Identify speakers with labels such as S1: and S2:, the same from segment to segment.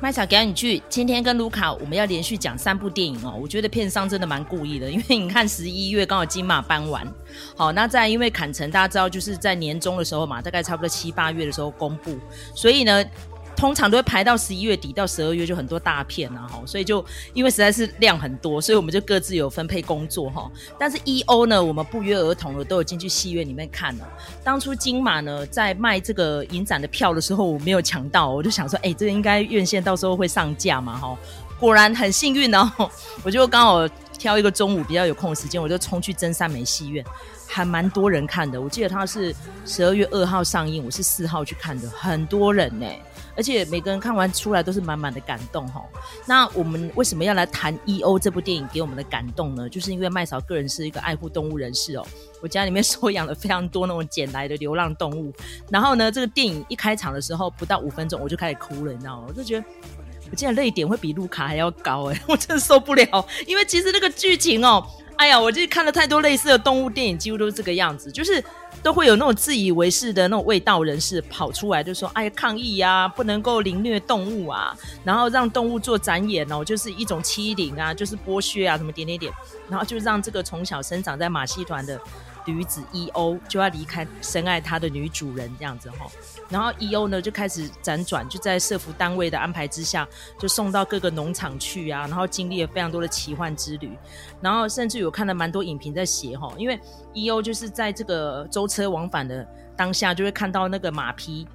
S1: 麥小給你去，今天跟盧卡，我們要連續講三部電影哦、喔。我覺得片商真的蠻故意的，因為你看十一月剛好金馬搬完，好，那再因為坎城，大家知道就是在年中的時候嘛，大概差不多七八月的時候公布，所以呢。通常都會排到十一月底到十二月，就很多大片啊，哈，所以就因為實在是量很多，所以我們就各自有分配工作，哈。但是 E O 呢，我們不約而同的都有進去戲院裡面看了。當初金馬呢，在賣這個影展的票的時候，我沒有搶到、喔，我就想說，哎、欸，這個應該院線到時候會上架嘛，哈、喔。果然很幸運哦、喔，我就剛好挑一個中午比較有空的時間，我就衝去真善美戲院，還蠻多人看的。我記得它是十二月二號上映，我是四號去看的，很多人呢、欸。而且每個人看完出來都是滿滿的感動齁。那我們為什麼要來談《E.O.》這部電影給我們的感動呢？就是因為麥嫂個人是一個愛護動物人士哦，我家裡面收養了非常多那種撿來的流浪動物。然後呢，這個電影一開場的時候不到五分鐘我就開始哭了，你知道嗎？我就覺得我竟然淚點會比路卡還要高哎，我真的受不了。因為其實那個劇情哦，哎呀，我就是看了太多類似的動物電影，幾乎都是這個樣子，就是。都會有那種自以為是的那種衛道人士跑出來，就說：“哎呀，抗議呀、啊，不能夠凌虐動物啊，然後讓動物做展演哦，就是一種欺凌啊，就是剝削啊，什麼點點點，然後就讓這個從小生長在馬戲團的驢子伊歐就要離開深愛她的女主人，這樣子哈、哦。”然後 E.O. 呢就開始輾轉，就在社福單位的安排之下，就送到各個農場去啊。然後經歷了非常多的奇幻之旅，然後甚至有看了蠻多影評在寫齁，因為 E.O. 就是在這個舟車往返的當下，就會看到那個馬匹。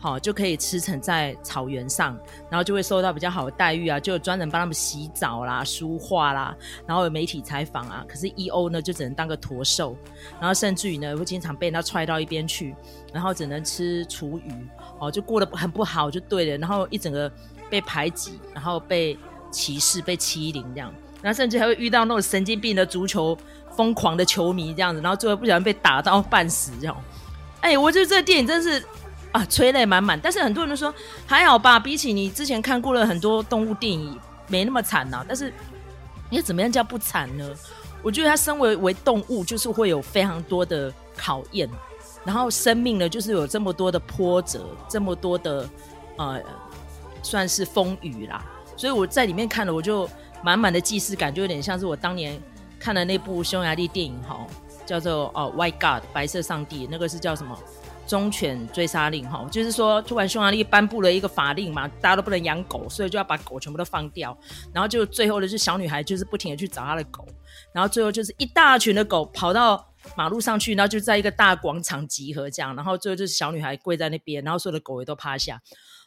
S1: 好、哦，就可以吃成，在草原上，然後就會受到比較好的待遇啊，就專人幫他們洗澡啦、梳化啦，然後有媒體採訪啊。可是 E.O. 呢，就只能當個駝獸，然後甚至於呢，會經常被人家踹到一邊去，然後只能吃廚餘，哦，就過得很不好，就對了。然後一整個被排擠，然後被歧視、被欺凌這樣，然後甚至還會遇到那種神經病的足球瘋狂的球迷這樣子，然後最後不小心被打到半死哦。哎，我覺得這個電影真是。啊，催淚滿滿，但是很多人都說還好吧。比起你之前看過了很多動物電影，沒那麼慘吶啊。但是，你怎麼樣叫不慘呢？我覺得它身為為動物，就是會有非常多的考驗，然後生命呢，就是有這麼多的波折，這麼多的呃，算是風雨啦。所以我在裡面看了，我就滿滿的既視感，就有點像是我當年看的那部匈牙利電影哈，叫做哦，《White God》白色上帝，那個是叫什麼？忠犬追殺令哈，就是說，突然匈牙利頒布了一個法令嘛，大家都不能養狗，所以就要把狗全部都放掉。然後就最後的是小女孩，就是不停的去找她的狗。然後最後就是一大群的狗跑到馬路上去，然後就在一個大廣場集合這樣。然後最後就是小女孩跪在那邊，然後所有的狗也都趴下。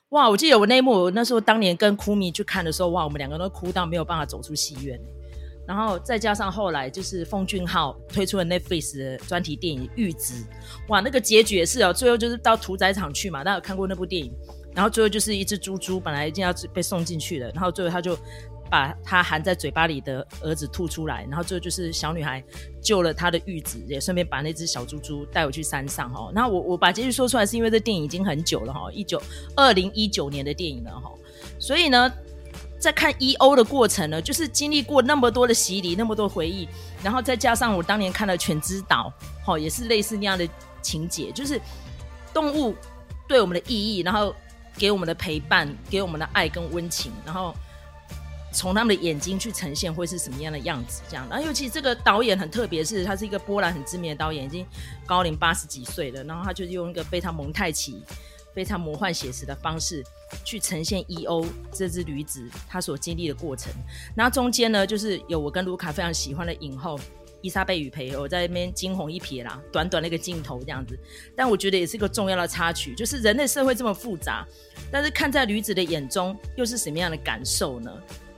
S1: 哇！我記得我那一幕，我那時候當年跟哭米去看的時候，哇，我們兩個人都哭到沒有辦法走出戲院。然後再加上後來就是奉俊昊推出了 Netflix 的專題電影《玉子》，哇，那個結局也是哦，最後就是到屠宰場去嘛，大家有看過那部電影，然後最後就是一隻豬豬本來一定要被送進去了，然後最後他就把他含在嘴巴裡的兒子吐出來，然後最後就是小女孩救了他的玉子，也順便把那隻小豬豬帶回去山上哈。那我我把結局說出來是因為這電影已經很久了哈，一九二零一九年的電影了哈，所以呢。在看《EO》的過程呢，就是經歷過那麼多的洗禮，那麼多回憶，然後再加上我當年看了全《犬之島》，也是類似那樣的情節，就是動物對我們的意義，然後給我們的陪伴，給我們的愛跟溫情，然後從他們的眼睛去呈現會是什麼樣的樣子，這樣。然後尤其這個導演很特別，是他是一個波蘭很知名的導演，已經高齡八十幾歲了，然後他就是用一個非常蒙太奇。非常魔幻寫實的方式去呈現 E.O 這隻驢子他所經歷的過程，然後中間呢，就是有我跟盧卡非常喜歡的影后伊莎貝雨蓓，我在那邊驚鴻一瞥啦，短短那個鏡頭這樣子，但我覺得也是一個重要的插曲，就是人類社會這麼複雜，但是看在驢子的眼中又是什麼樣的感受呢？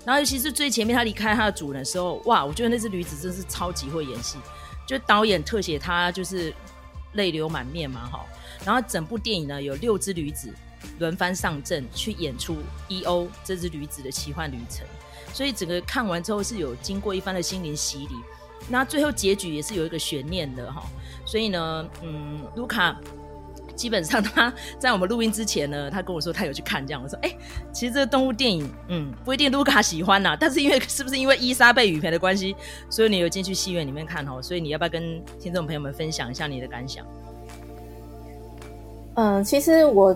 S1: 然後尤其是最前面他離開他的主人的時候，哇，我覺得那隻驢子真是超級會演戲，就導演特寫他就是淚流滿面嘛，哈。然後整部電影呢，有六只驢子輪番上陣去演出《E.O》這只驢子的奇幻旅程，所以整個看完之後是有經過一番的心靈洗禮。那最後結局也是有一個懸念的哈，所以呢，嗯，盧卡基本上他在我們錄音之前呢，他跟我說他有去看這樣。我說哎、欸，其實這個動物電影，嗯，不一定盧卡喜歡吶、啊，但是因為是不是因為伊莎貝雨蓓的關係，所以你有進去戲院裡面看哦，所以你要不要跟聽眾朋友們分享一下你的感想？
S2: 嗯，其實我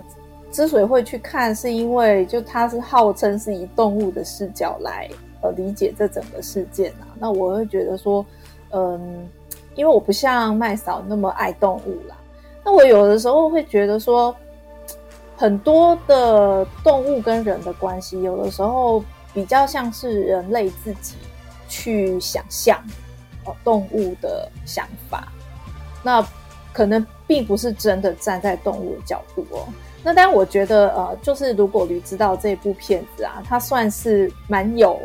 S2: 之所以會去看，是因為就它是號稱是以動物的視角來呃理解這整個事件啊。那我會覺得說，嗯，因為我不像麥嫂那麼愛動物啦。那我有的時候會覺得說，很多的動物跟人的關係，有的時候比較像是人類自己去想象哦、呃、動物的想法，那可能。並不是真的站在動物的角度哦。那但我覺得呃，就是如果驢知道這部片子啊，它算是蠻有，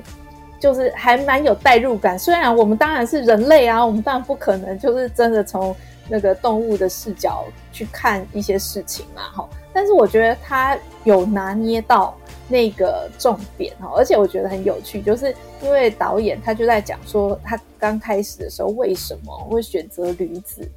S2: 就是還蠻有代入感。雖然我們當然是人類啊，我們當然不可能就是真的從那個動物的視角去看一些事情嘛，哈。但是我覺得他有拿捏到那個重點哈，而且我覺得很有趣，就是因為導演他就在講說，他剛開始的時候為什麼會選擇驢子。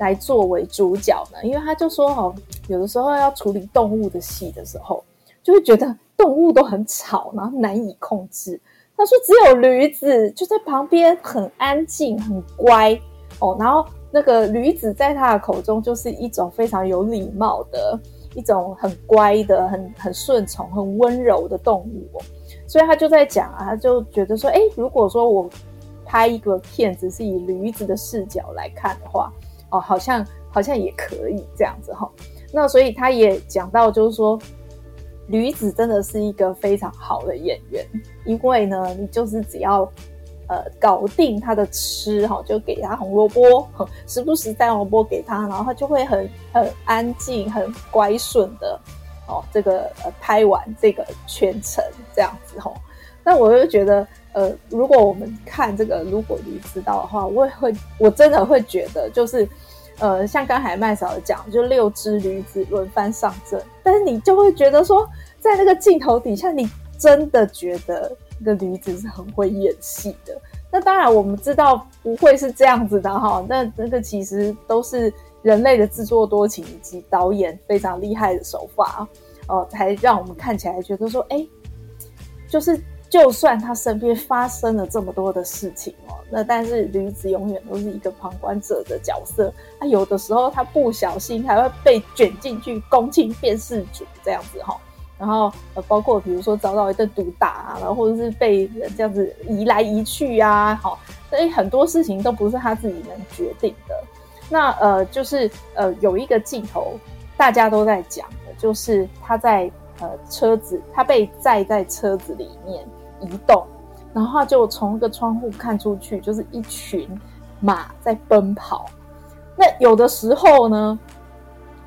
S2: 來作為主角呢，因為他就說哦，有的時候要處理動物的戲的時候，就會覺得動物都很吵，然後難以控制。他說只有驢子就在旁邊很安靜、很乖哦，然後那個驢子在他的口中就是一種非常有禮貌的一種很乖的、很很順從、很溫柔的動物哦。所以他就在講啊，他就覺得說，哎，如果說我拍一個片子是以驢子的視角來看的話。哦，好像好像也可以這樣子哈、哦。那所以他也講到，就是說，驢子真的是一個非常好的演員，因為呢，你就是只要呃搞定他的吃哈、哦，就給他紅蘿蔔，時不時帶紅蘿蔔給他，然後他就會很很安靜、很乖順的。哦，這個、呃、拍完這個全程這樣子哈、哦。那我就覺得。呃，如果我們看這個如果驢知道的話，我也會我真的會覺得，就是，呃，像剛才麥嫂講，就六隻驢子輪番上陣，但是你就會覺得說，在那個鏡頭底下，你真的覺得那個驢子是很會演戲的。那當然我們知道不會是這樣子的哈，那那個其實都是人類的自作多情以及導演非常厲害的手法哦，才，呃，讓我們看起來覺得說，哎，欸，就是。就算他身邊發生了這麼多的事情哦，那但是驢子永遠都是一個旁觀者的角色啊。有的時候他不小心還會被捲進去，公親變事主這樣子哈，然後呃，包括比如說遭到一頓毒打啊，然後或者是被人這樣子移來移去啊，好，所以很多事情都不是他自己能決定的。那呃，就是呃，有一個鏡頭大家都在講的，就是他在呃，車子，他被載在車子裡面。移動，然後就從一個窗戶看出去，就是一群馬在奔跑。那有的時候呢，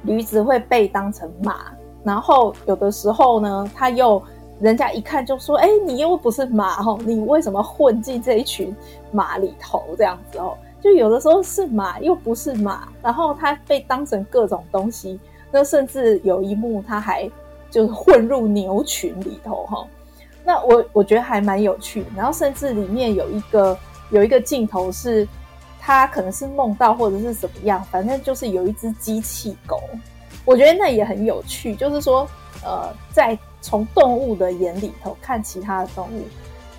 S2: 驢子會被當成馬，然後有的時候呢，他又人家一看就說：“哎，你又不是馬哦，你為什麼混進這一群馬裡頭？”這樣子哦，就有的時候是馬又不是馬，然後他被當成各種東西。那甚至有一幕，他還就是混入牛群裡頭哈。哦那我我覺得還蠻有趣，然後甚至裡面有一個有一個鏡頭是，他可能是夢到或者是怎麼樣，反正就是有一隻機器狗，我覺得那也很有趣，就是說，呃，在從動物的眼裡頭看其他的動物，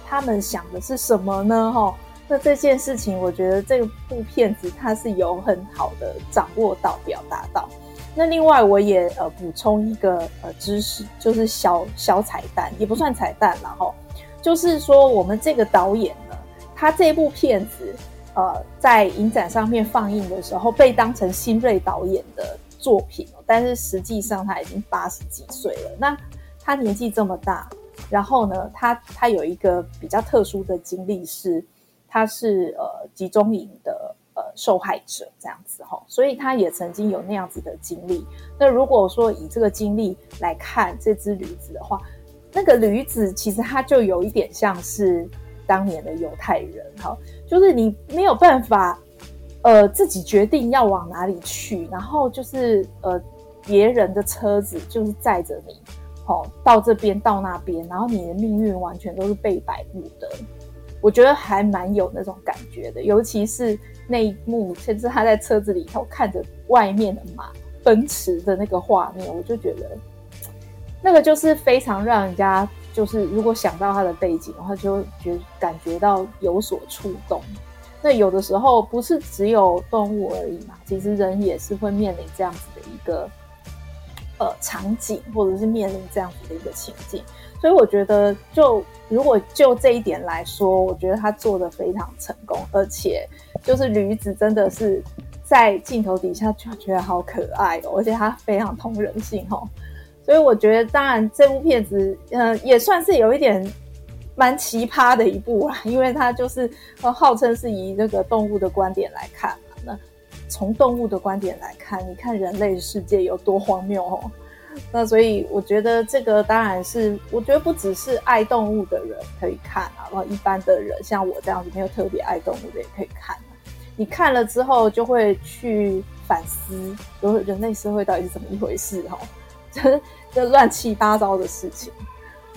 S2: 他們想的是什麼呢？哈、哦，那這件事情我覺得這部片子它是有很好的掌握到表達到。那另外，我也呃補充一個呃知識，就是小小彩蛋，也不算彩蛋了哈，然後就是說我們這個導演呢，他這部片子呃在影展上面放映的時候被當成新銳導演的作品，但是實際上他已經八十幾歲了。那他年紀這麼大，然後呢，他他有一個比較特殊的經歷是，他是呃集中營的。呃，受害者這樣子哈，所以他也曾經有那樣子的經歷。那如果說以這個經歷來看這隻驢子的話，那個驢子其實它就有一點像是當年的猶太人哈，就是你沒有辦法，呃，自己決定要往哪裡去，然後就是呃，別人的車子就是載着你，好到這邊到那邊，然後你的命運完全都是被擺布的，我覺得還蠻有那種感覺的，尤其是。那一幕，甚至他在車子裡頭看着外面的馬奔馳的那個畫面，我就覺得，那個就是非常讓人家就是，如果想到他的背景的話，就覺感覺到有所觸動。那有的時候不是只有動物而已嘛，其實人也是會面臨這樣子的一個。呃，場景或者是面臨這樣子的一個情境，所以我覺得就，就如果就這一點來說，我覺得他做得非常成功，而且就是驢子真的是在鏡頭底下就覺得好可愛哦，而且他非常通人性哦。所以我覺得，當然這部片子，嗯、呃，也算是有一點蠻奇葩的一部啊，因為他就是呃號稱是以那個動物的觀點來看。從動物的觀點來看，你看人類世界有多荒謬哦。那所以我覺得這個當然是，我覺得不只是愛動物的人可以看啊，然後一般的人像我這樣子沒有特別愛動物的也可以看。你看了之後就會去反思，就是人類社會到底是怎麼一回事哈、哦，就這亂七八糟的事情，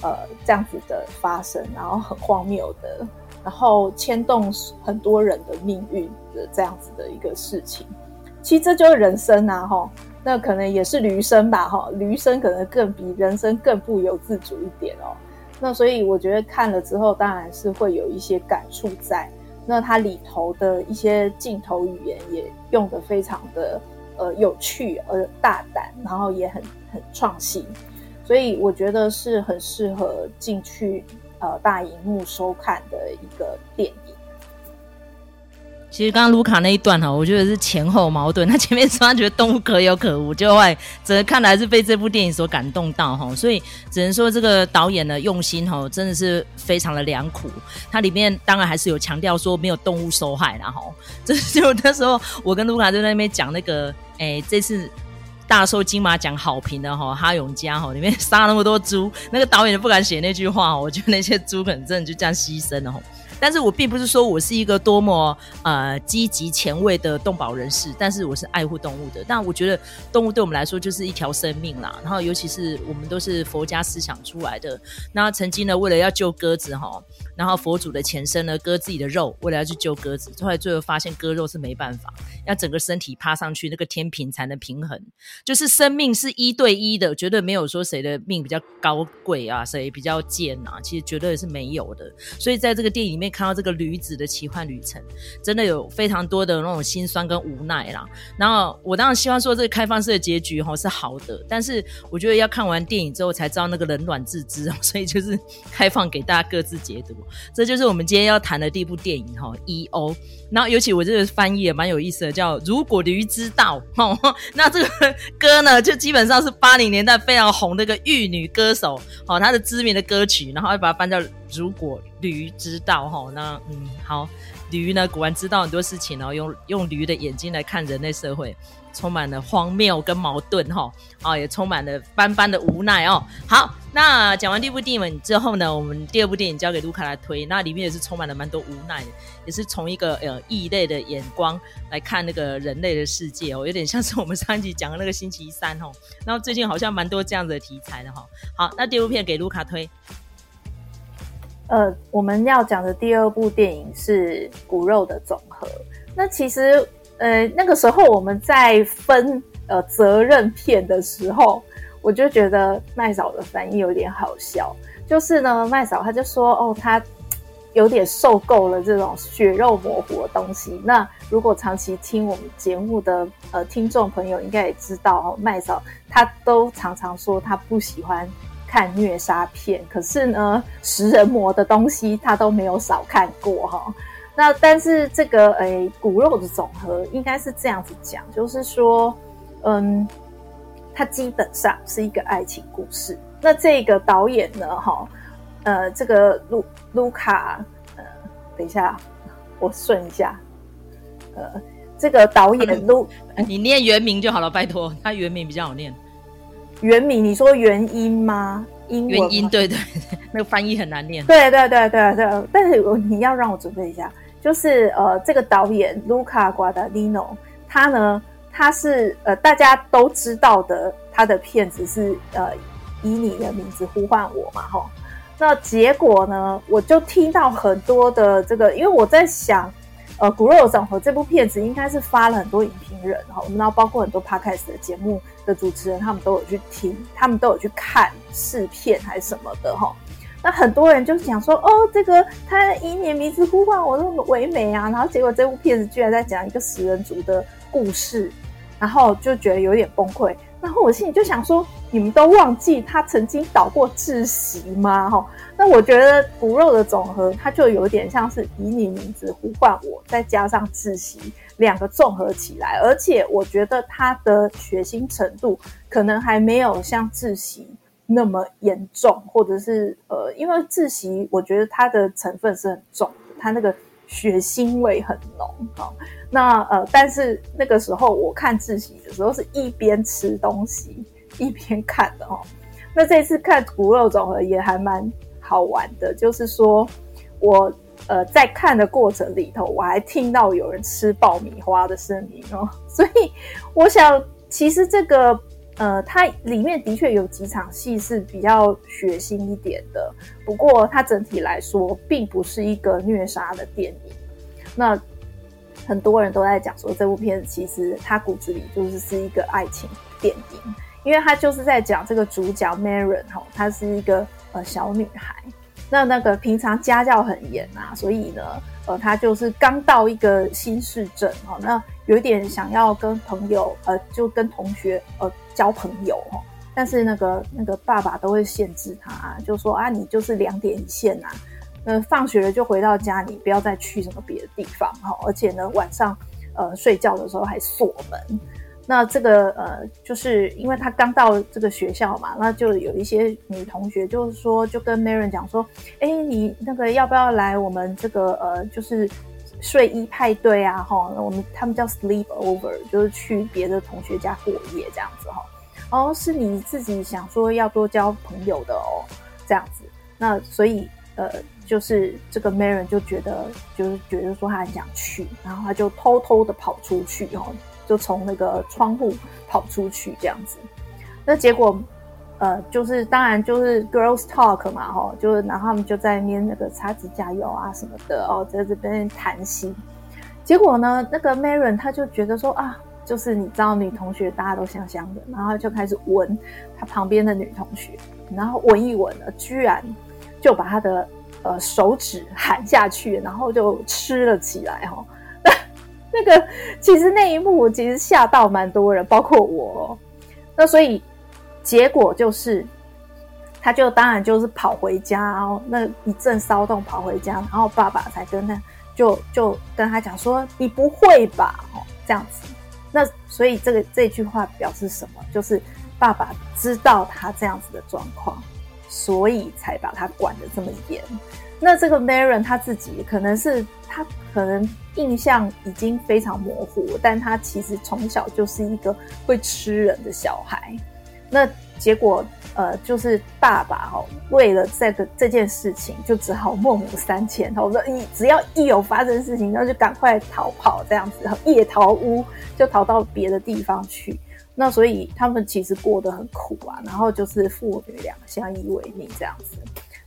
S2: 呃，這樣子的發生，然後很荒謬的。然後牽動很多人的命運的這樣子的一個事情，其實這就是人生啊，哦，吼那可能也是驢生吧，哈，驢生可能更比人生更不由自主一點哦。那所以我覺得看了之後，當然是會有一些感觸在。那它裡頭的一些鏡頭語言也用得非常的呃有趣，而大膽，然後也很很創新，所以我覺得是很適合進去，呃，大熒
S1: 幕收看的一個電影。其實剛剛盧卡那一段哈，我覺得是前後矛盾。他前面說他覺得動物可有可無，就後只能看來是被這部電影所感動到哈。所以只能說這個導演的用心哈，真的是非常的良苦。它裡面當然還是有強調說沒有動物受害了哈。這就那時候我跟盧卡就在那邊講那個，哎，這次。大受金馬獎好評的哈哈勇家哈裡面殺那麼多豬，那個導演都不敢寫那句話。我覺得那些豬可能真的就這樣犧牲了。但是我並不是說我是一個多麼呃積極前衛的動保人士，但是我是愛護動物的。但我覺得動物對我們來說就是一條生命啦。然後尤其是我們都是佛家思想出來的，那曾經呢為了要救鴿子哈。然後佛祖的前身呢，割自己的肉，為了要去救鴿子，後來最後發現割肉是沒辦法，要整個身體趴上去，那個天平才能平衡。就是生命是一對一的，絕對沒有說誰的命比較高貴啊，誰比較賤啊，其實絕對也是沒有的。所以在這個電影裡面看到這個驢子的奇幻旅程，真的有非常多的那種心酸跟無奈啦。然後我當然希望說這個開放式的結局齁，是好的，但是我覺得要看完電影之後才知道那個冷暖自知哦，所以就是開放給大家各自解讀。這就是我們今天要談的第一部電影哈，哦《E.O.》，然後尤其我這個翻譯也蠻有意思的，叫《如果驢知道》哈、哦。那這個歌呢，就基本上是八零年代非常紅的一個玉女歌手，好、哦，她的知名的歌曲，然後又把它翻叫《如果驢知道》哈、哦。那嗯，好，驢呢果然知道很多事情哦，然後用用驢的眼睛來看人類社會。充滿了荒謬跟矛盾哈、哦啊，也充滿了斑斑的無奈哦。好，那講完第一部電影之後呢，我們第二部電影交給盧卡來推，那裡面也是充滿了蠻多無奈的，也是從一個呃異類的眼光來看那個人類的世界哦，有點像是我們上一集講的那個星期三哦。那最近好像蠻多這樣子的題材的哈、哦。好，那第二部片給盧卡推。
S2: 呃，我們要講的第二部電影是《骨肉的總和》，那其實。呃，那個時候我們在分呃責任片的時候，我就覺得麥嫂的反應有點好笑。就是呢，麥嫂她就說：“哦，她有點受夠了這種血肉模糊的東西。”那如果長期聽我們節目的呃聽眾朋友應該也知道哈、哦，麥嫂她都常常說她不喜歡看虐殺片，可是呢，食人魔的東西她都沒有少看過哈。哦那但是這個誒、欸、骨肉的總和應該是這樣子講，就是說，嗯，它基本上是一個愛情故事。那這個導演呢，哈、哦，呃，這個盧盧卡，呃，等一下，我順一下，呃，
S1: 這個導演盧，那陸你念原名就好了，拜托，他原名比較好念。
S2: 原名，你說原音嗎？英文？原音，對對對，那個翻譯很難念。對對對對對，但是你要讓我準備一下。就是呃，這個導演 Luca Guadagnino 他呢，他是呃大家都知道的，他的片子是呃以你的名字呼喚我嘛吼，那結果呢，我就聽到很多的這個，因為我在想，呃，《骨肉總和》這部片子應該是發了很多影評人哈，我們然後包括很多 podcast 的節目的主持人，他們都有去聽，他們都有去看試片還是什麼的吼。那很多人就想說，哦，這個他以你名字呼喚我，那麼唯美啊，然後結果這部片子居然在講一個食人族的故事，然後就覺得有點崩潰。然後我心裡就想說，你們都忘記他曾經導過《窒息》嗎？哦，那我覺得《骨肉的總和》它就有點像是以你名字呼喚我，再加上《窒息》兩個綜合起來，而且我覺得他的血腥程度可能還沒有像《窒息》那麼嚴重，或者是呃，因為窒息，我覺得它的成分是很重的，它那個血腥味很濃哈、哦，那呃，但是那個時候我看窒息的時候是一邊吃東西一邊看的哈、哦。那這次看《骨肉總和》，也還蠻好玩的，就是說我呃在看的過程裡頭，我還聽到有人吃爆米花的聲音哦。所以我想，其實這個。呃，它裡面的確有幾場戲是比較血腥一點的，不過它整體來說並不是一個虐殺的電影。那很多人都在講說，這部片子其實它骨子裡就是是一個愛情電影，因為它就是在講這個主角 Maren 哈、哦，她是一個呃小女孩。那那個平常家教很嚴啊，所以呢，呃，她就是剛到一個新市鎮、哦、那有一點想要跟朋友，呃，就跟同學呃。交朋友，但是那個那個爸爸都會限制他，就說啊，你就是兩點一線啊，放學了就回到家，你不要再去什麼別的地方。而且呢，晚上呃睡覺的時候還鎖門。那這個呃，就是因為他剛到這個學校嘛，那就有一些女同學就是說，就跟 Maren 講說，哎，你那個要不要來我們這個呃，就是。睡衣派對啊，哈，我們他們叫 sleepover，就是去別的同學家過夜這樣子哈。哦，是你自己想說要多交朋友的哦，這樣子。那所以呃，就是這個 Maren 就覺得，就是覺得說他很想去，然後他就偷偷的跑出去哦，就從那個窗戶跑出去這樣子。那結果。呃，就是當然就是 girls talk 嘛吼、哦，就是然後他們就在捏那個擦指甲油啊什麼的哦，在這邊談心。結果呢，那個 Maren 他就覺得說啊，就是你知道女同學大家都香香的，然後就開始聞他旁邊的女同學，然後聞一聞呢，居然就把他的呃手指含下去，然後就吃了起來吼、哦。那那個其實那一幕其實嚇到蠻多人，包括我、哦。那所以。結果就是，他就當然就是跑回家哦，那一陣騷動跑回家，然後爸爸才跟那就就跟他講說：“你不會吧？”哦，這樣子。那所以這個這句話表示什麼？就是爸爸知道他這樣子的狀況，所以才把他管得這麼嚴。那這個 Maren 他自己可能是他可能印象已經非常模糊，但他其實從小就是一個會吃人的小孩。那結果，呃，就是爸爸哦，為了這個這件事情，就只好孟母三遷。他說，一只要一有發生事情，那就趕快逃跑，這樣子，夜逃屋，就逃到別的地方去。那所以他們其實過得很苦啊。然後就是父女倆相依為命這樣子。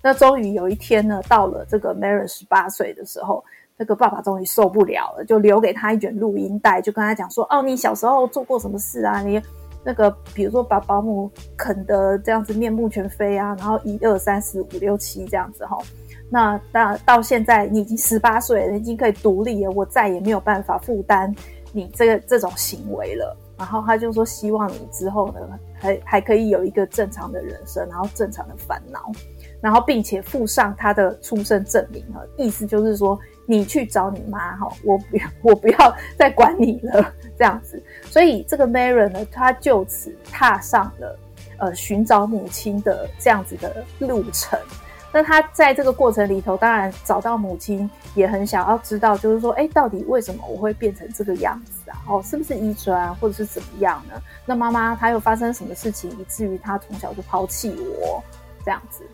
S2: 那終於有一天呢，到了這個 Mary 十八歲的時候，這個爸爸終於受不了了，就留給他一卷錄音帶，就跟他講說：“哦，你小時候做過什麼事啊？你？”那個，比如說把保姆啃得這樣子面目全非啊，然後一二三四五六七這樣子哈、哦，那那到，到現在你已經十八歲了，已經可以獨立了，我再也沒有辦法負擔你這個這種行為了。然後他就說希望你之後呢，還還可以有一個正常的人生，然後正常的煩惱，然後並且附上他的出生證明啊，意思就是說你去找你媽哈、哦，我不我不要再管你了這樣子。所以這個 Maren 呢，他就此踏上了呃尋找母親的這樣子的路程。那他在這個過程裡頭，當然找到母親，也很想要知道，就是說，哎，到底為什麼我會變成這個樣子啊？哦，是不是遺傳啊，或者是怎麼樣呢？那媽媽她又發生什麼事情，以至於她從小就拋棄我這樣子？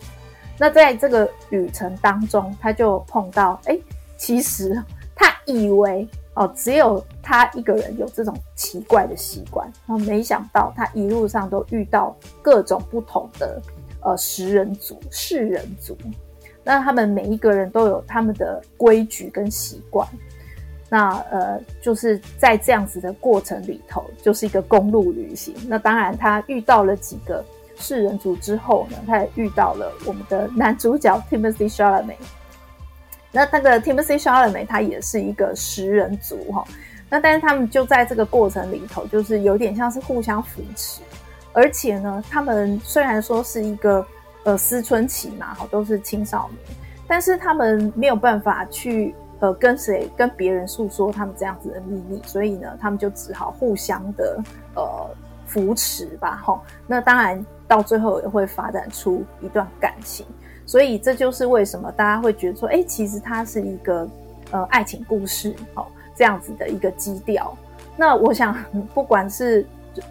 S2: 那在這個旅程當中，他就碰到，哎，其實他以為。哦，只有他一個人有這種奇怪的習慣，然、哦、後沒想到他一路上都遇到各種不同的呃食人族、噬人族，那他們每一個人都有他們的規矩跟習慣，那呃，就是在這樣子的過程裡頭，就是一個公路旅行。那當然，他遇到了幾個噬人族之後呢，他也遇到了我們的男主角 Timothée Chalamet。那那個 Timothée Chalamet 他也是一個食人族齁，那但是他們就在這個過程裡頭，就是有點像是互相扶持，而且呢，他們雖然說是一個呃思春期嘛哈，都是青少年，但是他們沒有辦法去呃跟誰跟別人訴說他們這樣子的秘密，所以呢，他們就只好互相的呃扶持吧齁。那當然到最後也會發展出一段感情。所以這就是為什麼大家會覺得說，哎，其實它是一個，呃，愛情故事，哦，這樣子的一個基調。那我想，不管是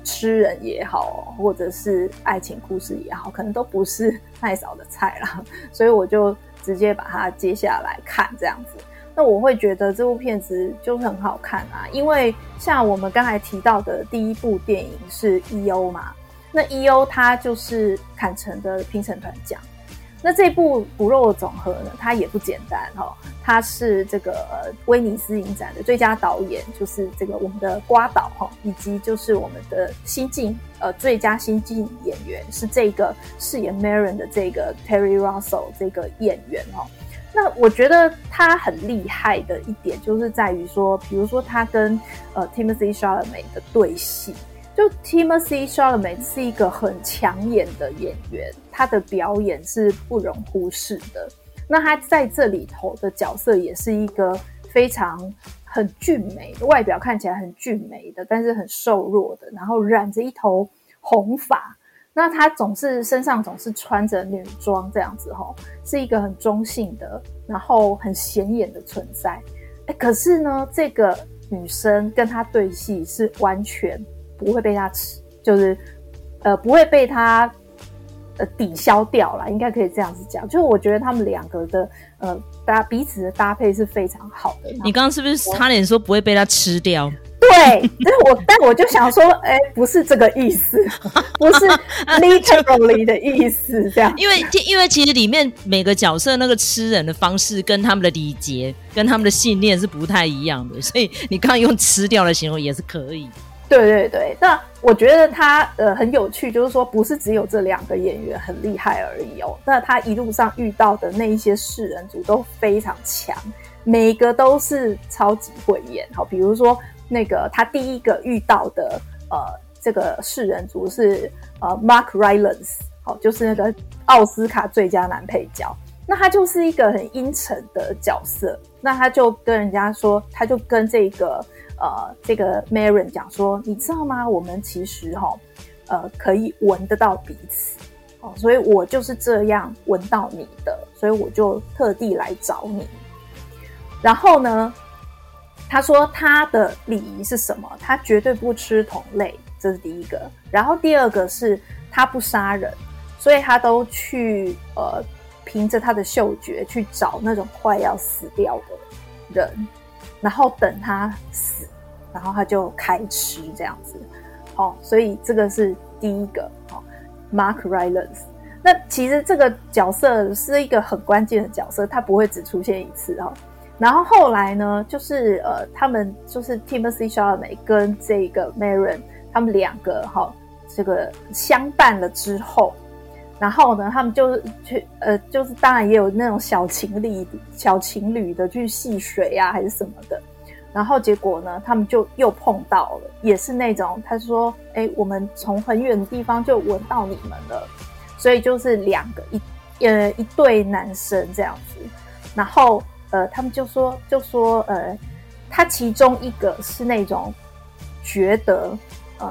S2: 吃人也好，或者是愛情故事也好，可能都不是太少的菜啦。所以我就直接把它接下來看這樣子。那我會覺得這部片子就是很好看啊，因為像我們剛才提到的第一部電影是《E.O.》嘛，那《E.O.》它就是坎城的評審團獎。那這部骨肉的總和呢，它也不簡單哦。它是這個、呃、威尼斯影展的最佳導演，就是這個我們的瓜導哈、哦，以及就是我們的新晉呃最佳新晉演員是這個飾演 Marion 的這個 Terry Russell 這個演員哈、哦。那我覺得他很厲害的一點就是在於說，比如說他跟、呃、Timothy Chalamet 的對戲。就 Timothée Chalamet 是一個很搶眼的演員，他的表演是不容忽視的。那他在這裡頭的角色也是一個非常很俊美，外表看起來很俊美的，但是很瘦弱的。然後染着一頭紅髮，那他總是身上總是穿着女裝這樣子、哦，吼，是一個很中性的，然後很顯眼的存在。哎，可是呢，這個女生跟他對戲是完全。不會被他吃，就是，呃，不會被他、呃、抵消掉了，應該可以這樣子講。就是我覺得他們兩個的呃搭彼此的搭配是非常好的。你剛
S1: 剛是不是差點說不會被他吃
S2: 掉？對，但、就是我， 但我就想說，哎、欸，不是這個意思，不是 literally 的意思，這樣。 因
S1: 為因為其實裡面每個角色那個吃人的方式，跟他們的理解，跟他們的信念是不太一樣的，所以你剛剛用吃掉的形容也是可以。
S2: 對對對，那我覺得他呃很有趣，就是說，不是只有這兩個演員很厲害而已哦。那他一路上遇到的那一些食人族都非常強，每一個都是超級會演。好，比如說那個他第一個遇到的呃這個食人族是呃 Mark Rylance，好，就是那個奧斯卡最佳男配角。那他就是一個很陰沉的角色。那他就跟人家說，他就跟這個呃這個 Maren 講說：“你知道嗎？我們其實哈，呃，可以聞得到彼此。哦。所以我就是這樣聞到你的，所以我就特地來找你。然後呢，他說他的禮儀是什麼？他絕對不吃同類，這是第一個。然後第二個是他不殺人，所以他都去呃。”憑着他的嗅覺去找那種快要死掉的人，然後等他死，然後他就開吃這樣子。哦，所以這個是第一個。好，哦，Mark Rylance。那其實這個角色是一個很關鍵的角色，他不會只出現一次哦，然後後來呢，就是呃，他們就是 Timothée Chalamet 跟這個 Maren 他們兩個哈、哦，這個相伴了之後。然後呢，他們就是去，呃，就是當然也有那種小情侶、小情侶的去戲水啊，還是什麼的。然後結果呢，他們就又碰到了，也是那種他說：“哎，我們從很遠的地方就聞到你們了。”所以就是兩個，一，呃，一對男生這樣子。然後呃，他們就說就說呃，他其中一個是那種覺得呃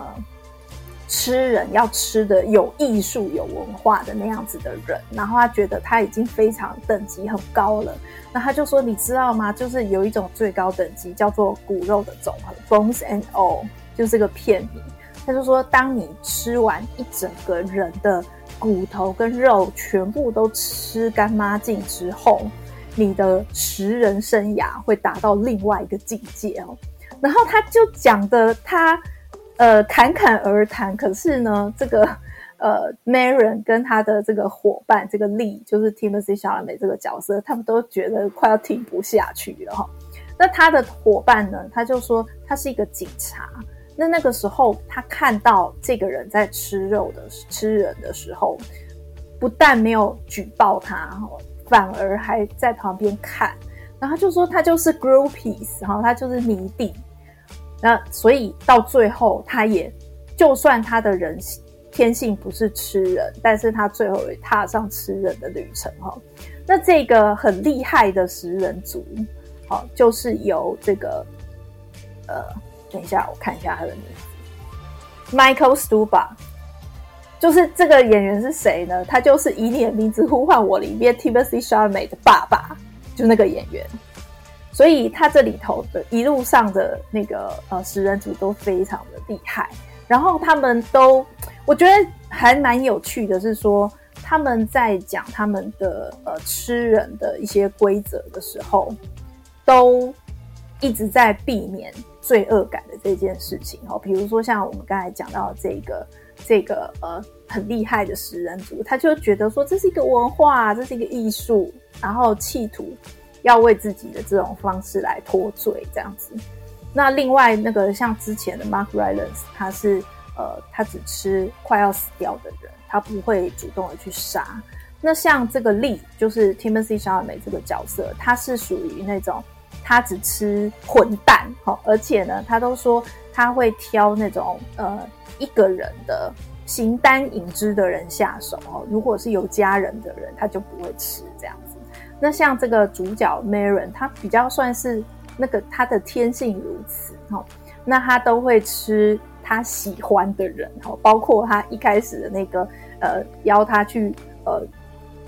S2: 吃人要吃的有藝術、有文化的那樣子的人，然後他覺得他已經非常等級很高了。那他就說：“你知道嗎？就是有一種最高等級叫做骨肉的總和 （bones and O」，就是個片名。”他就說：“當你吃完一整個人的骨頭跟肉，全部都吃乾媽淨之後，你的食人生涯會達到另外一個境界哦。”然後他就講的他。呃，侃侃而談。可是呢，這個呃 Maren 跟他的這個夥伴，這個麗，就是 Team C 小藍莓這個角色，他們都覺得快要停不下去了哈、哦。那他的夥伴呢，他就說他是一個警察。那那個時候，他看到這個人在吃肉的吃人的時候，不但沒有舉報他，反而還在旁邊看。然後就說他就是 Groupies，然後他就是迷弟。那所以到最後，他也就算他的人天性不是吃人，但是他最後也踏上吃人的旅程哈。那這個很厲害的食人族，好，就是由這個呃，等一下我看一下他的名字，Michael Stuhlbarg，就是這個演員是誰呢？他就是《以你的名字呼喚我》裡面 Timothée Chalamet 的爸爸，就那個演員。所以他這裡頭的一路上的那個呃食人族都非常的厲害，然後他們都我覺得還蠻有趣的，是說他們在講他們的呃吃人的一些規則的時候，都一直在避免罪惡感的這件事情哦。比如說像我們剛才講到的這個這個呃很厲害的食人族，他就覺得說這是一個文化，這是一個藝術，然後企圖。要為自己的這種方式來脫罪，這樣子。那另外那個像之前的 Mark Rylance，他是呃，他只吃快要死掉的人，他不會主動的去殺。那像這個 Lee 就是 Timothée Chalamet 這個角色，他是屬於那種他只吃混蛋，好、哦，而且呢，他都說他會挑那種呃一個人的形單影隻的人下手哦。如果是有家人的人，他就不會吃這樣子。那像這個主角 Maren 他比較算是那個他的天性如此，那他都會吃他喜歡的人，包括他一開始的那個呃邀他去呃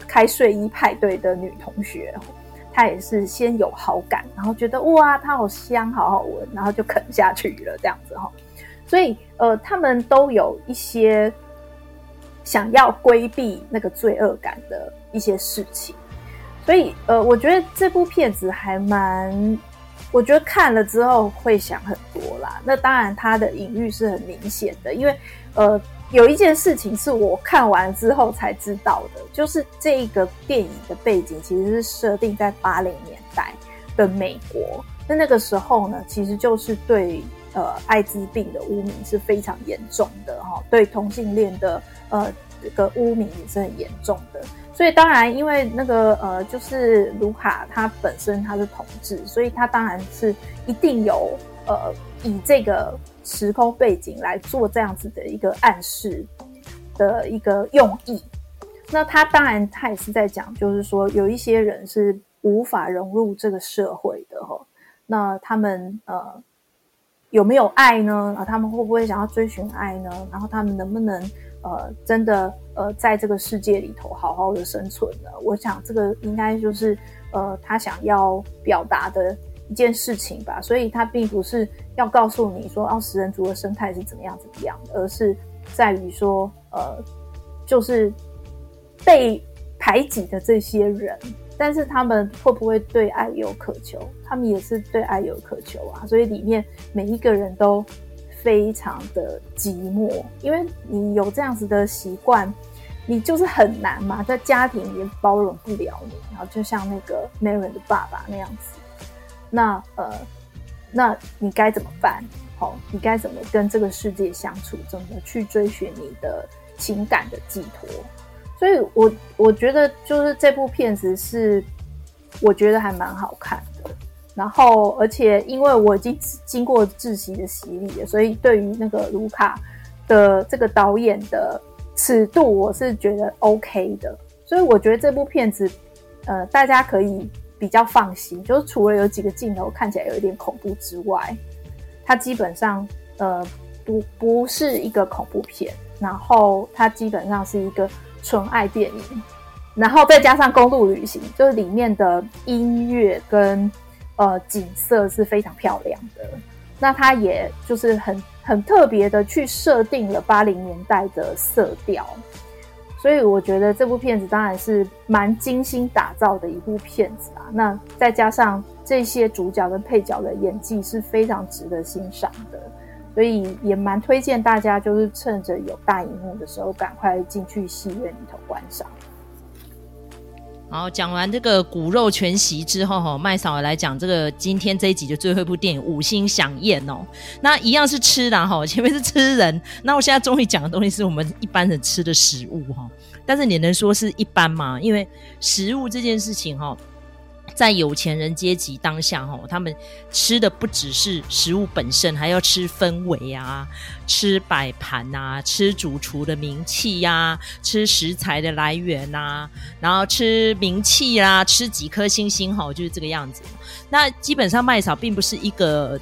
S2: 開睡衣派對的女同學，他也是先有好感，然後覺得哇他好香，好好聞，然後就啃下去了這樣子。所以呃他們都有一些想要規避那個罪惡感的一些事情。所以，呃，我覺得這部片子還蠻，我覺得看了之後會想很多啦。那當然，它的隱喻是很明顯的，因為，呃，有一件事情是我看完之後才知道的，就是這一個電影的背景其實是設定在八零年代的美國。那那個時候呢，其實就是對呃艾滋病的污名是非常嚴重的哈，哦，對同性戀的呃這個污名也是很嚴重的。所以當然，因為那個呃，就是盧卡他本身他是同志，所以他當然是一定有呃，以這個時空背景來做這樣子的一個暗示的一個用意。那他當然他也是在講，就是說有一些人是無法融入這個社會的哈、哦。那他們呃有沒有愛呢？啊，他們會不會想要追尋愛呢？然後他們能不能？呃，真的，呃，在這個世界裡頭好好的生存了。我想這個應該就是，呃，他想要表達的一件事情吧。所以他並不是要告訴你說，哦，食人族的生態是怎麼樣怎麼樣的，而是在於說，呃，就是被排擠的這些人，但是他們會不會對愛有渴求？他們也是對愛有渴求啊。所以裡面每一個人都非常的寂寞，因為你有這樣子的習慣，你就是很難嘛，在家庭也包容不了你。然後就像那個 Mary 的爸爸那樣子，那呃，那你該怎麼辦？好、哦，你該怎麼跟這個世界相處？怎麼去追尋你的情感的寄托？所以我，我我覺得就是這部片子是，我覺得還蠻好看。然後，而且因為我已經經過窒息的洗禮了，所以對於那個盧卡的這個導演的尺度，我是覺得 OK 的。所以我覺得這部片子，呃，大家可以比較放心。就是除了有幾個鏡頭看起來有一點恐怖之外，它基本上呃不不是一個恐怖片，然後它基本上是一個純愛電影，然後再加上公路旅行，就是裡面的音樂跟。呃，景色是非常漂亮的，那它也就是很很特別的去設定了八零年代的色調，所以我覺得這部片子當然是蠻精心打造的一部片子啊。那再加上這些主角跟配角的演技是非常值得欣賞的，所以也蠻推薦大家就是趁着有大熒幕的時候趕快進去戲院裡頭觀賞。
S1: 好，講完這個骨肉全席之後，哈麥嫂來講這個今天這一集的最後一部電影《五星饗魘》哦，那一樣是吃的哈，前面是吃人，那我現在終於講的東西是我們一般人吃的食物哈，但是你能說是一般嗎？因為食物這件事情哈、哦。在有錢人階級當下，吼，他們吃的不只是食物本身，還要吃氛圍啊，吃擺盤啊，吃主廚的名氣呀、啊，吃食材的來源吶、啊，然後吃名氣啊、吃幾顆星星，吼，就是這個樣子。那基本上麥草並不是一個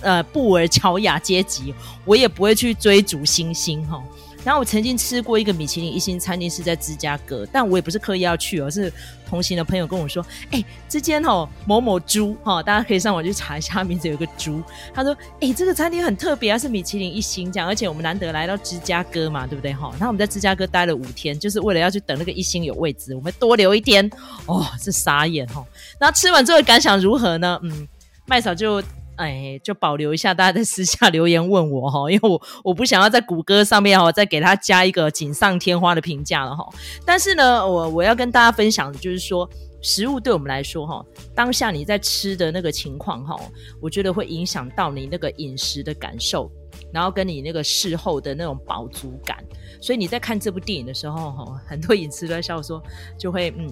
S1: 呃布爾喬亞階級，我也不會去追逐星星，吼。然後我曾經吃過一個米其林一星餐廳，是在芝加哥，但我也不是刻意要去、哦，而是同行的朋友跟我說：“哎、欸，這間哦某某豬，哈、哦，大家可以上網去查一下，名字有個豬。”他說：“哎、欸，這個餐廳很特別，啊，是米其林一星，這樣，而且我們難得來到芝加哥嘛，對不對？哈、哦，然後我們在芝加哥待了五天，就是為了要去等那個一星有位置，我們多留一天。哦，是傻眼、哦、然後那吃完之後的感想如何呢？嗯，麥嫂就。哎，就保留一下，大家在私下留言問我哈，因為我我不想要在谷歌上面哈再給他加一個錦上添花的評價了哈。但是呢，我我要跟大家分享的，就是說食物對我們來說哈，當下你在吃的那個情況哈，我覺得會影響到你那個飲食的感受，然後跟你那個事後的那種飽足感。所以你在看這部電影的時候哈，很多影迷都在笑說，就會嗯。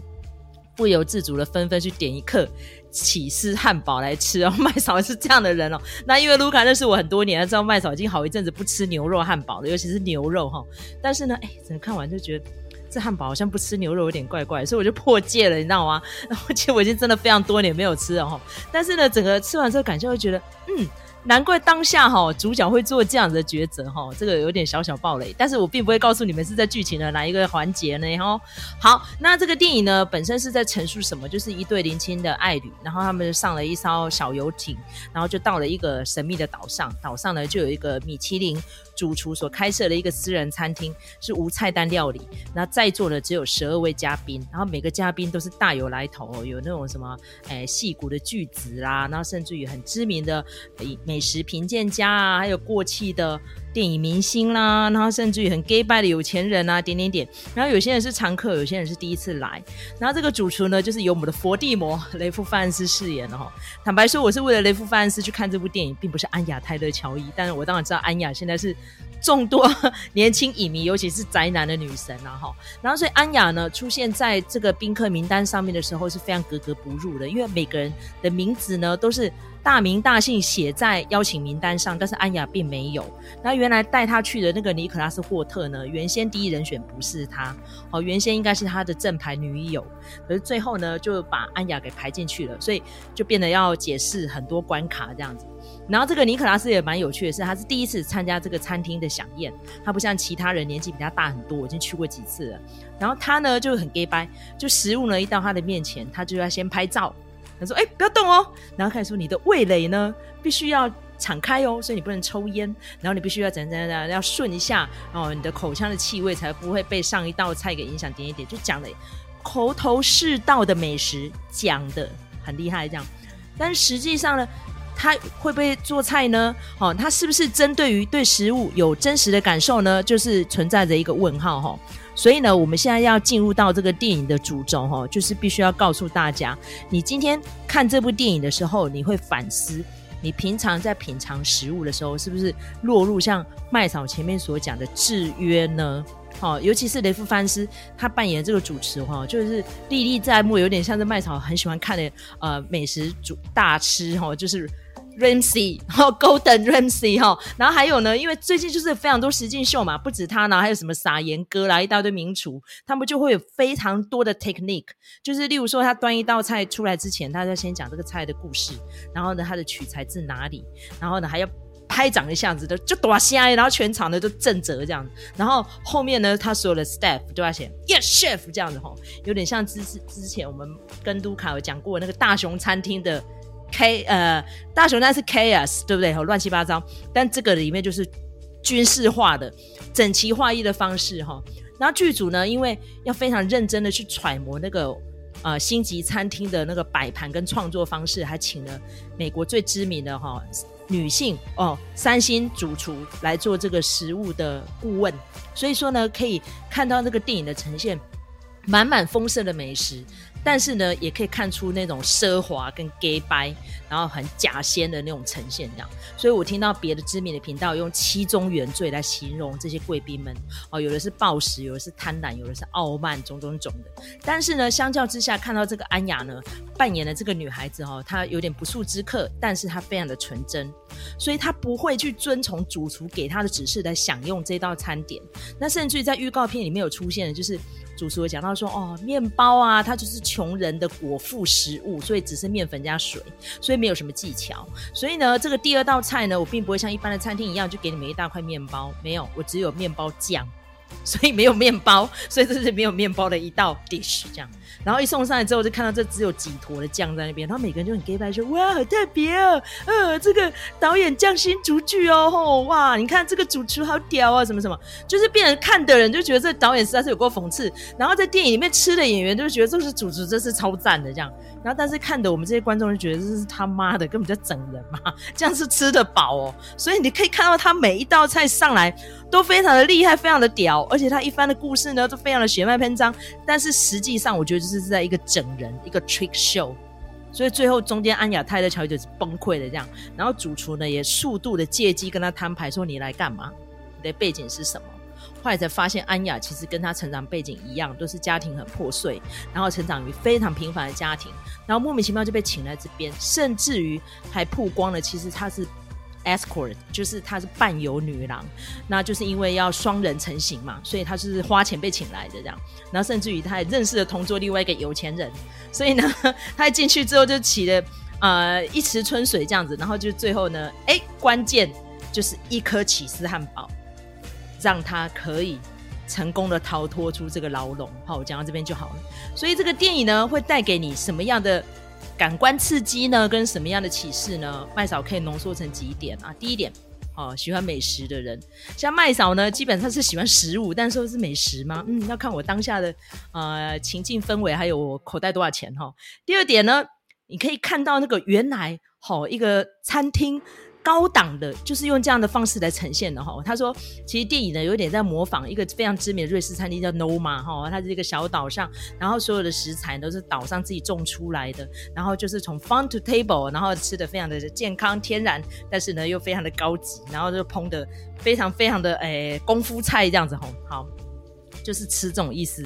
S1: 不由自主的紛紛去點一客起司漢堡來吃哦，麥嫂是這樣的人哦、喔。那因為盧卡認識我很多年，他知道麥嫂已經好一陣子不吃牛肉漢堡了，尤其是牛肉哈。但是呢，哎，整個看完就覺得這漢堡好像不吃牛肉有點怪怪，所以我就破戒了，你知道嗎？然後其實我已經真的非常多年沒有吃了哦。但是呢，整個吃完之後，感覺會覺得嗯。難怪當下哈主角會做這樣的抉擇哈，這個有點小小爆雷，但是我並不會告訴你們是在劇情的哪一個環節呢哈。好，那這個電影呢，本身是在陳述什麼？就是一對年輕的愛侶，然後他們上了一艘小遊艇，然後就到了一個神秘的島上，島上呢就有一個米其林主廚所開設的一個私人餐廳，是無菜單料理，那在座的只有十二位嘉賓，然後每個嘉賓都是大有來頭，有那種什麼誒戲骨的巨子啦，然後甚至於很知名的美食評鑑家啊，還有過氣的。電影明星啦，然後甚至於很 gay bye 的有錢人啊，點點點。然後有些人是常客，有些人是第一次來。然後這個主廚呢，就是由我們的佛地魔雷夫·范斯飾演的哈。坦白說，我是為了雷夫·范斯去看這部電影，並不是安雅·泰勒·喬伊。但是我當然知道安雅現在是眾多年輕影迷，尤其是宅男的女神啊哈。然後所以安雅呢出現在這個賓客名單上面的時候是非常格格不入的，因為每個人的名字呢都是。大名大姓寫在邀請名單上，但是安雅並沒有。那原來帶她去的那個尼可拉斯霍特呢？原先第一人選不是他，哦，原先應該是他的正牌女友，可是最後呢就把安雅給排進去了，所以就變得要解釋很多關卡這樣子。然後這個尼可拉斯也蠻有趣的是，他是第一次參加這個餐廳的饗宴，他不像其他人年紀比他大很多，我已經去過幾次了。然後他呢就很 gay 掰，就食物呢一到他的面前，他就要先拍照。他說：“哎、欸，不要動哦。然後開始說你的味蕾呢，必須要敞開哦，所以你不能抽煙。然後你必須要怎樣怎樣怎樣，要順一下哦，你的口腔的氣味才不會被上一道菜給影響。點一點就講的，頭頭是道的美食，講的很厲害這樣。但是實際上呢，他會不會做菜呢？哦，他是不是針對於對食物有真實的感受呢？就是存在着一個問號，哦。所以呢，我們現在要進入到這個電影的主軸哈、哦，就是必須要告訴大家，你今天看這部電影的時候，你會反思，你平常在品嘗食物的時候，是不是落入像麥草前面所講的制約呢？哦、尤其是雷夫·范斯他扮演這個主持哈、哦，就是歷歷在目，有點像是麥草很喜歡看的呃美食主大吃、哦、就是。Ramsy，然後 Golden Ramsey 哈，然後還有呢，因為最近就是非常多實境秀嘛，不止他，然後還有什麼撒鹽哥啦，一大堆名廚，他們就會有非常多的 technique，就是例如說他端一道菜出來之前，他就先講這個菜的故事，然後呢他的取材自哪裡，然後呢還要拍掌一下子的，就下一，然後全場呢都震折這樣，然後後面呢他所有的 staff 都要寫 Yes Chef 這樣子吼、哦，有點像之之之前我們跟都卡有講過那個大熊餐廳的。K 呃，大熊那是 chaos，對不對？哈、哦，亂七八糟。但這個裡面就是軍事化的、整齊劃一的方式，哈、哦。然後劇組呢，因為要非常認真的去揣摩那個呃星級餐廳的那個擺盤跟創作方式，還請了美國最知名的哈、哦、女性哦三星主廚來做這個食物的顧問。所以說呢，可以看到那個電影的呈現，滿滿豐盛的美食。但是呢，也可以看出那種奢華跟假掰，然後很假仙的那種呈現這樣。所以我聽到別的知名的頻道用七宗原罪來形容這些貴賓們哦，有的是暴食，有的是貪婪，有的是傲慢，種種種的。但是呢，相較之下，看到這個安雅呢扮演的這個女孩子哦，她有點不速之客，但是她非常的純真，所以她不會去遵從主廚給她的指示來享用這道餐點。那甚至於在預告片裡面有出現的，就是。叔叔講到說：“哦，麵包啊，它就是窮人的果腹食物，所以只是麵粉加水，所以沒有什麼技巧。所以呢，這個第二道菜呢，我並不會像一般的餐廳一樣，就給你們一大塊麵包。沒有，我只有麵包醬。”所以沒有麵包，所以這是沒有麵包的一道 dish 這樣，然後一送上來之後就看到這只有幾坨的醬在那邊，然後每個人就很 gay 拜說哇，很特別啊，呃，這個導演匠心獨具哦，哇，你看這個主廚好屌啊，什麼什麼，就是變成看的人就覺得這導演實在是有夠諷刺，然後在電影裡面吃的演員就覺得這是主廚真是超贊的這樣，然後但是看的我們這些觀眾就覺得這是他媽的根本就整人嘛，這樣是吃得飽哦，所以你可以看到他每一道菜上來。都非常的厲害，非常的屌，而且他一番的故事呢，都非常的血脈噴張。但是實際上，我覺得這是在一個整人，一個 trick show。所以最後中間安雅泰勒喬伊就崩潰了這樣，然後主廚呢也速度的借機跟他攤牌，說你來幹嘛？你的背景是什麼？後來才發現安雅其實跟他成長背景一樣，都是家庭很破碎，然後成長於非常平凡的家庭，然後莫名其妙就被請來這邊，甚至於還曝光了，其實他是。Escort 就是她是伴遊女郎，那就是因為要雙人成行嘛，所以她是花錢被請來的這樣。然後甚至於她也認識了同桌另外一個有錢人，所以呢，她一進去之後就起了呃一池春水這樣子，然後就最後呢，哎、欸，關鍵就是一顆起司漢堡，讓她可以成功的逃脫出這個牢籠。好，我講到這邊就好了。所以這個電影呢，會帶給你什麼樣的？感官刺激呢，跟什麼樣的啟示呢？麥嫂可以濃縮成幾點啊？第一點，哦，喜歡美食的人，像麥嫂呢，基本上是喜歡食物，但說是美食嘛，嗯，要看我當下的呃情境氛圍，還有我口袋多少錢哈、哦。第二點呢，你可以看到那個原來好、哦、一個餐廳。高檔的，就是用這樣的方式來呈現的哈。他說，其實電影呢，有點在模仿一個非常知名的瑞士餐廳叫 Noma 哈，它是一個小島上，然後所有的食材都是島上自己種出來的，然後就是從 farm to table，然後吃得非常的健康天然，但是呢又非常的高級，然後就烹的非常非常的誒、欸、功夫菜這樣子哈，好，就是吃這種意思。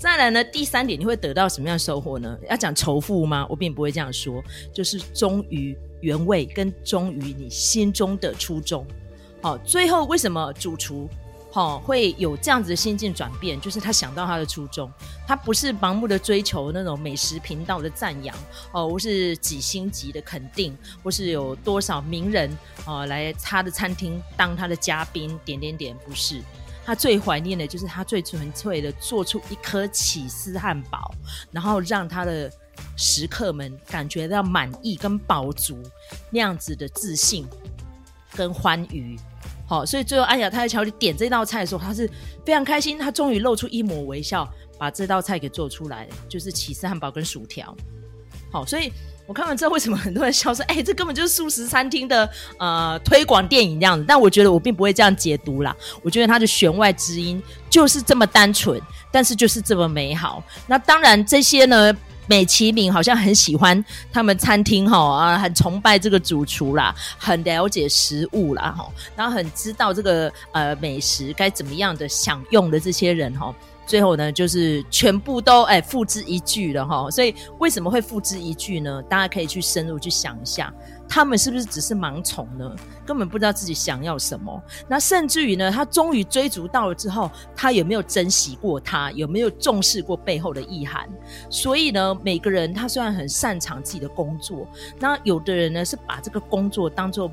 S1: 再來呢，第三點你會得到什麼樣的收穫呢？要講仇富嗎？我並不會這樣說，就是忠於原味，跟忠於你心中的初衷。好、哦，最後為什麼主廚好、哦、會有這樣子的心境轉變？就是他想到他的初衷，他不是盲目的追求那種美食頻道的讚揚，哦，或是幾星級的肯定，或是有多少名人啊、哦、來他的餐廳當他的嘉賓，點點點，不是。他最懷念的就是他最純粹的做出一顆起司漢堡，然後讓他的食客們感覺到滿意跟飽足那樣子的自信跟歡愉。好、哦，所以最後，安雅泰勒喬裡點這道菜的時候，他是非常開心，他終於露出一抹微笑，把這道菜給做出來了，就是起司漢堡跟薯條。好、哦，所以。我看完之後，為什麼很多人笑說：“哎、欸，這根本就是素食餐廳的呃推廣電影這樣子。”但我覺得我並不會這樣解讀啦。我覺得它的弦外之音就是這麼單純，但是就是這麼美好。那當然，這些呢，美其名好像很喜歡他們餐廳哈、哦、啊、呃，很崇拜這個主廚啦，很了解食物啦哈，然後很知道這個呃美食該怎麼樣的享用的這些人哈、哦。最後呢，就是全部都哎，付之一炬了哈。所以為什麼會付之一炬呢？大家可以去深入去想一下，他們是不是只是盲從呢？根本不知道自己想要什麼。那甚至於呢，他終於追逐到了之後，他有沒有珍惜過他？有沒有重視過背後的意涵？所以呢，每個人他雖然很擅長自己的工作，那有的人呢是把這個工作當做。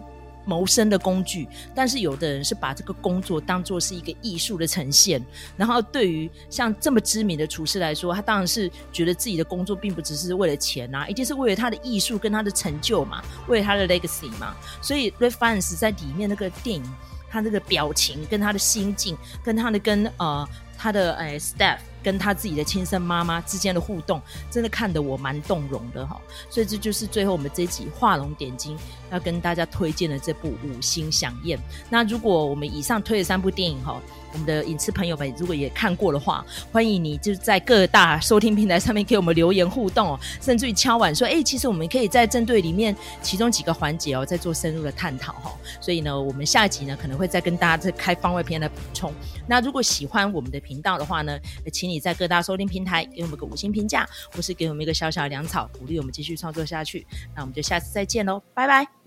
S1: 謀生的工具，但是有的人是把這個工作當做是一個藝術的呈現。然後，對於像這麼知名的廚師來說，他當然是覺得自己的工作並不只是為了錢吶、啊，一定是為了他的藝術跟他的成就嘛，為了他的 legacy 嘛。所以 Ralph Fiennes 在裡面那個電影，他那個表情跟他的心境，跟他的跟呃他的誒、呃欸、staff 跟他自己的親生媽媽之間的互動，真的看得我蠻動容的哈。所以，這就是最後我們這集畫龍點睛。要跟大家推薦的這部《五星饗魘》。那如果我們以上推的三部電影哈，我們的影癡朋友們如果也看過的話，歡迎你就在各大收聽平台上面給我們留言互動哦，甚至於敲碗說：“誒、欸，其實我們可以在針對裡面其中幾個環節哦，再做深入的探討哈。”所以呢，我們下集呢可能會再跟大家再開番外篇來補充。那如果喜歡我們的頻道的話呢，請你在各大收聽平台給我們個五星評價，或是給我們一個小小的糧草，鼓勵我們繼續創作下去。那我們就下次再見嘍，拜拜。